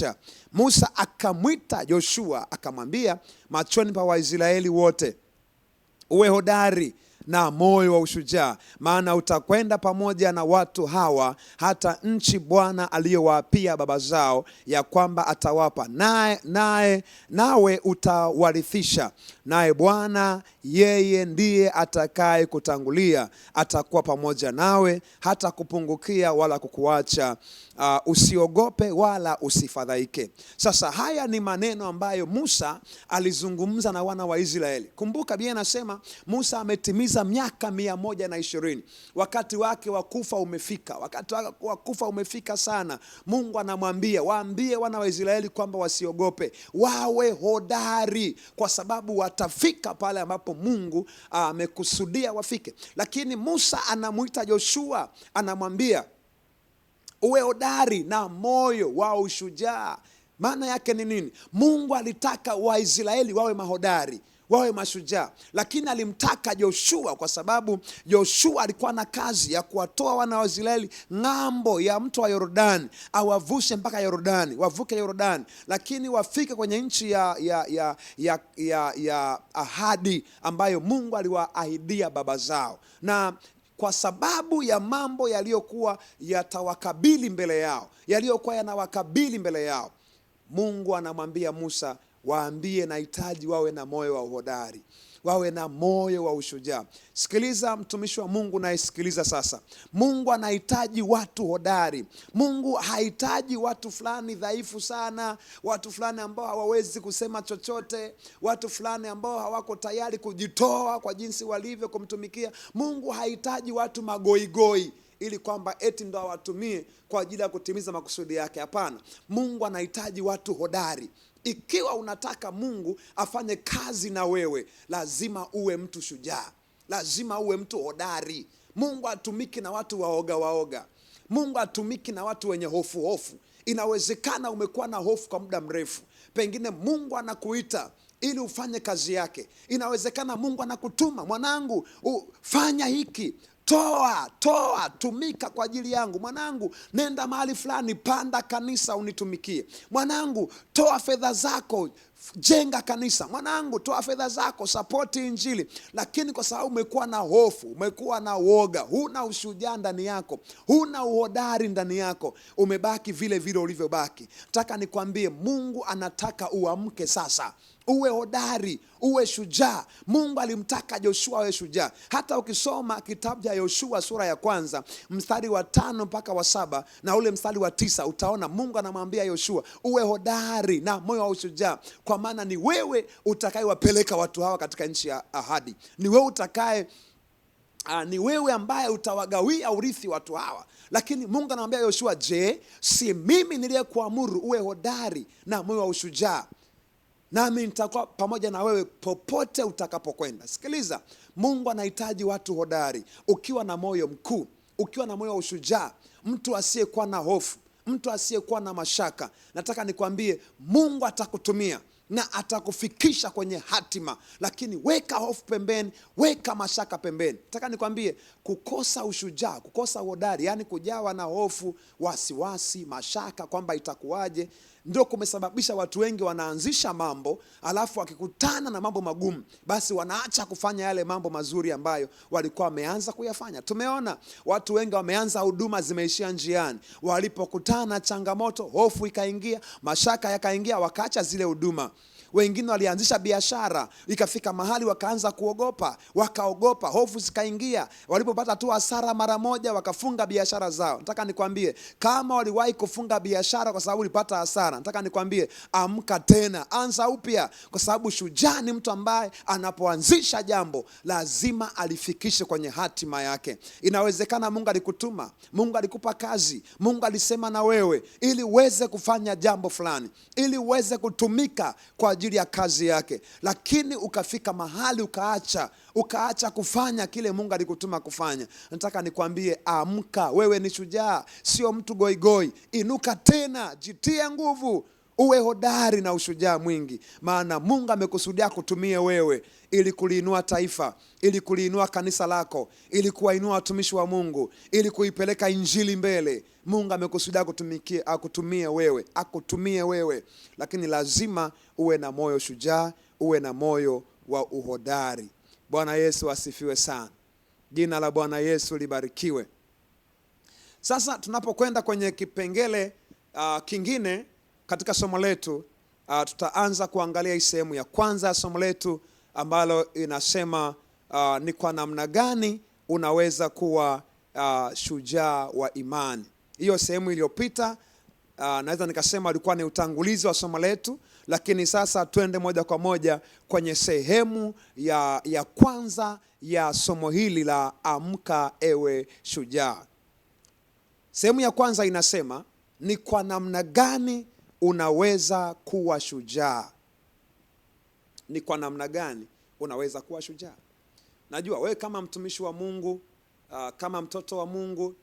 kucha, Musa akamwita Yoshua akamwambia, machoni pa Waisraeli wote, uwe hodari na moyo wa ushujaa, maana utakwenda pamoja na watu hawa hata nchi Bwana aliyowaapia baba zao ya kwamba atawapa, naye naye nawe utawarithisha, naye Bwana yeye ndiye atakaye kutangulia, atakuwa pamoja nawe hata kupungukia wala kukuacha. Uh, usiogope wala usifadhaike. Sasa haya ni maneno ambayo Musa alizungumza na wana wa Israeli. Kumbuka Biblia inasema Musa ametimiza za miaka mia moja na ishirini. Wakati wake wa kufa umefika, wakati wake wa kufa umefika sana. Mungu anamwambia waambie wana wa Israeli kwamba wasiogope, wawe hodari, kwa sababu watafika pale ambapo Mungu ah, amekusudia wafike. Lakini Musa anamwita Joshua, anamwambia uwe hodari na moyo wa ushujaa. Maana yake ni nini? Mungu alitaka Waisraeli wawe mahodari wawe mashujaa, lakini alimtaka Joshua kwa sababu Joshua alikuwa na kazi ya kuwatoa wana wa Israeli ng'ambo ya mto wa Yordani, awavushe mpaka Yordani, wavuke Yordani, lakini wafike kwenye nchi ya, ya, ya, ya, ya, ya ahadi ambayo Mungu aliwaahidia baba zao na kwa sababu ya mambo yaliyokuwa yatawakabili mbele yao, yaliyokuwa yanawakabili mbele yao, Mungu anamwambia Musa, waambie nahitaji wawe na moyo wa uhodari, wawe na moyo wa ushujaa. Sikiliza mtumishi wa Mungu nayesikiliza sasa, Mungu anahitaji watu hodari. Mungu hahitaji watu fulani dhaifu sana, watu fulani ambao hawawezi kusema chochote, watu fulani ambao hawako tayari kujitoa kwa jinsi walivyo kumtumikia Mungu. Hahitaji watu magoigoi ili kwamba eti ndo awatumie kwa ajili ya kutimiza makusudi yake. Hapana, Mungu anahitaji watu hodari. Ikiwa unataka Mungu afanye kazi na wewe, lazima uwe mtu shujaa, lazima uwe mtu hodari. Mungu atumiki na watu waoga waoga. Mungu atumiki na watu wenye hofu hofu. Inawezekana umekuwa na hofu kwa muda mrefu, pengine Mungu anakuita ili ufanye kazi yake. Inawezekana Mungu anakutuma mwanangu, ufanya hiki, toa toa, tumika kwa ajili yangu. Mwanangu, nenda mahali fulani, panda kanisa unitumikie. Mwanangu, toa fedha zako jenga kanisa, mwanangu, toa fedha zako, sapoti Injili. Lakini kwa sababu umekuwa na hofu, umekuwa na woga, huna ushujaa ndani yako, huna uhodari ndani yako, umebaki vile vile ulivyobaki. Nataka nikwambie, Mungu anataka uamke sasa uwe hodari, uwe shujaa. Mungu alimtaka joshua awe shujaa. Hata ukisoma kitabu cha Yoshua sura ya kwanza mstari wa tano mpaka wa saba na ule mstari wa tisa utaona Mungu anamwambia Yoshua uwe hodari na moyo wa ushujaa kwa maana ni wewe utakayewapeleka watu hawa katika nchi ya ahadi. Ni wewe utakaye Uh, ni wewe ambaye utawagawia urithi watu hawa. Lakini Mungu anamwambia Yoshua, je, si mimi niliyekuamuru uwe hodari na moyo wa ushujaa, nami nitakuwa pamoja na wewe popote utakapokwenda. Sikiliza, Mungu anahitaji watu hodari, ukiwa na moyo mkuu, ukiwa na moyo wa ushujaa, mtu asiyekuwa na hofu, mtu asiyekuwa na mashaka. Nataka nikwambie Mungu atakutumia na atakufikisha kwenye hatima. Lakini weka hofu pembeni, weka mashaka pembeni. Nataka nikwambie, kukosa ushujaa, kukosa uhodari, yaani kujawa na hofu, wasiwasi, mashaka kwamba itakuwaje, ndio kumesababisha watu wengi wanaanzisha mambo, alafu wakikutana na mambo magumu, basi wanaacha kufanya yale mambo mazuri ambayo walikuwa wameanza kuyafanya. Tumeona watu wengi wameanza huduma zimeishia njiani, walipokutana na changamoto, hofu ikaingia, mashaka yakaingia, wakaacha zile huduma. Wengine walianzisha biashara, ikafika mahali wakaanza kuogopa, wakaogopa, hofu zikaingia. Walipopata tu hasara mara moja, wakafunga biashara zao. Nataka nikwambie, kama waliwahi kufunga biashara kwa sababu ulipata hasara, nataka nikwambie, amka tena, anza upya, kwa sababu shujaa ni mtu ambaye anapoanzisha jambo lazima alifikishe kwenye hatima yake. Inawezekana Mungu alikutuma, Mungu alikupa kazi, Mungu alisema na wewe ili uweze kufanya jambo fulani, ili uweze kutumika kwa ajili ya kazi yake, lakini ukafika mahali ukaacha ukaacha kufanya kile Mungu alikutuma kufanya. Nataka nikwambie, amka, wewe ni shujaa, sio mtu goigoi. Inuka tena, jitie nguvu uwe hodari na ushujaa mwingi, maana Mungu amekusudia kutumie wewe ili kuliinua taifa, ili kuliinua kanisa lako, ili kuwainua watumishi wa Mungu, ili kuipeleka injili mbele. Mungu amekusudia akutumie wewe, akutumie wewe, lakini lazima uwe na moyo shujaa, uwe na moyo wa uhodari. Bwana Yesu asifiwe sana. Jina la Bwana Yesu libarikiwe. Sasa tunapokwenda kwenye kipengele uh, kingine katika somo letu uh, tutaanza kuangalia hii sehemu ya kwanza ya somo letu ambalo inasema uh, ni kwa namna gani unaweza kuwa uh, shujaa wa imani. Hiyo sehemu iliyopita uh, naweza nikasema ilikuwa ni utangulizi wa somo letu, lakini sasa twende moja kwa moja kwenye sehemu ya, ya kwanza ya somo hili la amka ewe shujaa. Sehemu ya kwanza inasema ni kwa namna gani unaweza kuwa shujaa. Ni kwa namna gani unaweza kuwa shujaa? Najua wewe kama mtumishi wa Mungu, uh, kama mtoto wa Mungu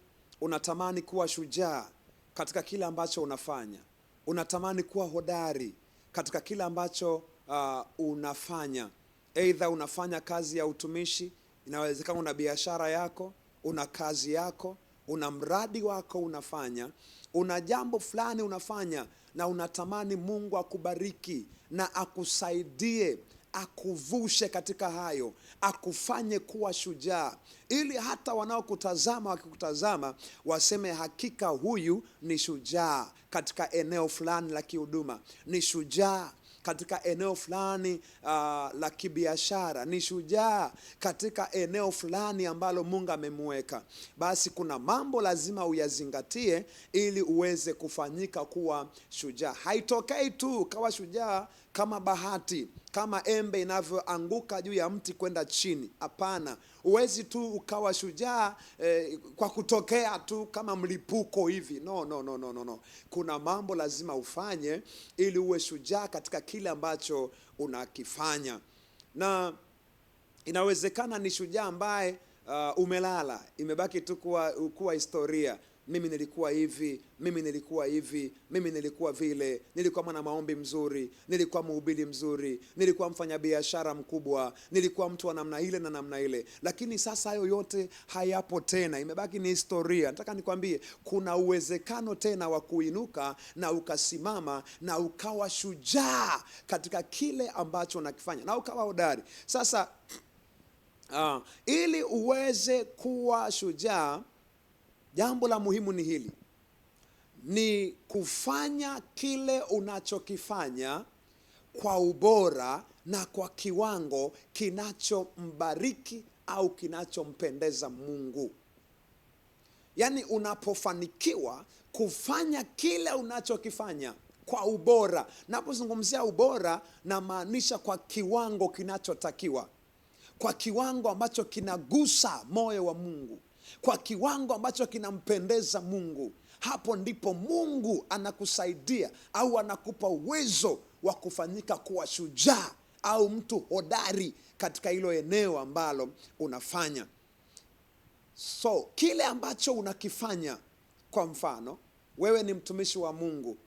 unatamani kuwa shujaa katika kile ambacho unafanya, unatamani kuwa hodari katika kile ambacho uh, unafanya. Aidha unafanya kazi ya utumishi, inawezekana una biashara yako, una kazi yako, una mradi wako unafanya, una jambo fulani unafanya na unatamani Mungu akubariki na akusaidie akuvushe katika hayo, akufanye kuwa shujaa, ili hata wanaokutazama wakikutazama waseme hakika huyu ni shujaa katika eneo fulani la kihuduma, ni shujaa katika eneo fulani uh, la kibiashara, ni shujaa katika eneo fulani ambalo Mungu amemweka. Basi kuna mambo lazima uyazingatie ili uweze kufanyika kuwa shujaa. Haitokei tu kawa shujaa kama bahati, kama embe inavyoanguka juu ya mti kwenda chini. Hapana. Huwezi tu ukawa shujaa eh, kwa kutokea tu kama mlipuko hivi. No, no, no, no, no. Kuna mambo lazima ufanye ili uwe shujaa katika kile ambacho unakifanya, na inawezekana ni shujaa ambaye uh, umelala, imebaki tu kuwa historia mimi nilikuwa hivi, mimi nilikuwa hivi, mimi nilikuwa vile, nilikuwa mwana maombi mzuri, nilikuwa mhubiri mzuri, nilikuwa mfanyabiashara mkubwa, nilikuwa mtu wa namna ile na namna ile. Lakini sasa hayo yote hayapo tena, imebaki ni historia. Nataka nikwambie kuna uwezekano tena wa kuinuka na ukasimama na ukawa shujaa katika kile ambacho unakifanya na ukawa hodari. Sasa uh, ili uweze kuwa shujaa Jambo la muhimu ni hili, ni kufanya kile unachokifanya kwa ubora na kwa kiwango kinachombariki au kinachompendeza Mungu. Yaani, unapofanikiwa kufanya kile unachokifanya kwa ubora, napozungumzia ubora namaanisha kwa kiwango kinachotakiwa, kwa kiwango ambacho kinagusa moyo wa Mungu kwa kiwango ambacho kinampendeza Mungu. Hapo ndipo Mungu anakusaidia au anakupa uwezo wa kufanyika kuwa shujaa au mtu hodari katika hilo eneo ambalo unafanya. So kile ambacho unakifanya, kwa mfano, wewe ni mtumishi wa Mungu,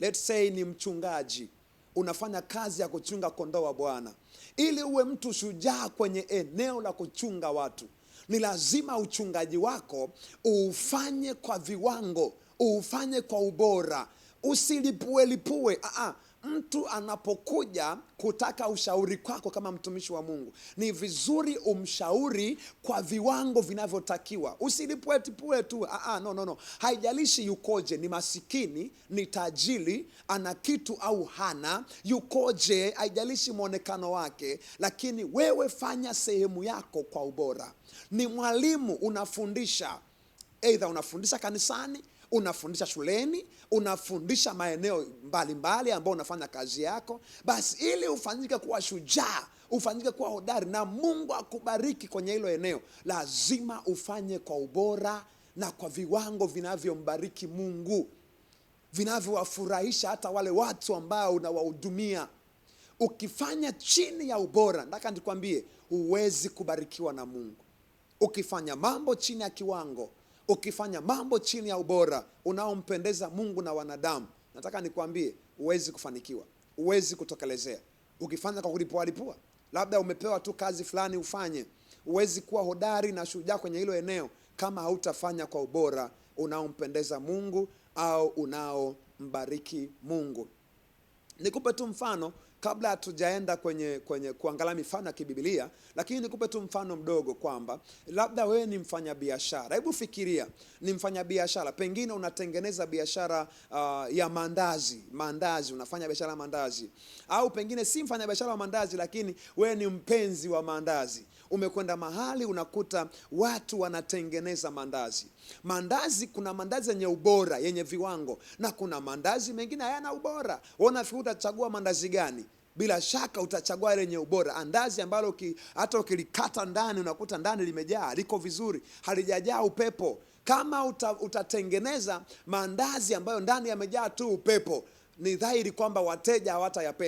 let's say ni mchungaji, unafanya kazi ya kuchunga kondoo wa Bwana. Ili uwe mtu shujaa kwenye eneo la kuchunga watu ni lazima uchungaji wako uufanye kwa viwango, uufanye kwa ubora, usilipuelipue. Aa, mtu anapokuja kutaka ushauri kwako kama mtumishi wa Mungu, ni vizuri umshauri kwa viwango vinavyotakiwa, usilipuetipue tu. Aa, ah, ah, no, no, no, haijalishi yukoje, ni masikini, ni tajiri, ana kitu au hana, yukoje, haijalishi mwonekano wake, lakini wewe fanya sehemu yako kwa ubora. Ni mwalimu, unafundisha, eidha unafundisha kanisani unafundisha shuleni, unafundisha maeneo mbalimbali ambayo unafanya kazi yako, basi ili ufanyike kuwa shujaa, ufanyike kuwa hodari na Mungu akubariki kwenye hilo eneo, lazima ufanye kwa ubora na kwa viwango vinavyombariki Mungu, vinavyowafurahisha hata wale watu ambao unawahudumia. Ukifanya chini ya ubora, nataka nikwambie, huwezi kubarikiwa na Mungu. Ukifanya mambo chini ya kiwango ukifanya mambo chini ya ubora unaompendeza Mungu na wanadamu, nataka nikwambie, huwezi kufanikiwa, huwezi kutokelezea ukifanya kwa kulipualipua. Labda umepewa tu kazi fulani ufanye, huwezi kuwa hodari na shujaa kwenye hilo eneo kama hautafanya kwa ubora unaompendeza Mungu au unaombariki Mungu. Nikupe tu mfano kabla hatujaenda kwenye, kwenye kuangalia mifano ya kibibilia, lakini nikupe tu mfano mdogo kwamba labda wewe ni mfanyabiashara. Hebu fikiria ni mfanyabiashara, pengine unatengeneza biashara uh, ya mandazi, mandazi unafanya biashara ya mandazi, au pengine si mfanyabiashara wa mandazi, lakini wewe ni mpenzi wa mandazi umekwenda mahali unakuta watu wanatengeneza mandazi. Mandazi, kuna mandazi yenye ubora, yenye viwango, na kuna mandazi mengine hayana ubora. Unafikiri utachagua mandazi gani? Bila shaka utachagua lenye ubora, andazi ambalo hata ukilikata ndani unakuta ndani limejaa, liko vizuri, halijajaa upepo. Kama uta, utatengeneza mandazi ambayo ndani yamejaa tu upepo, ni dhahiri kwamba wateja hawatayapenda.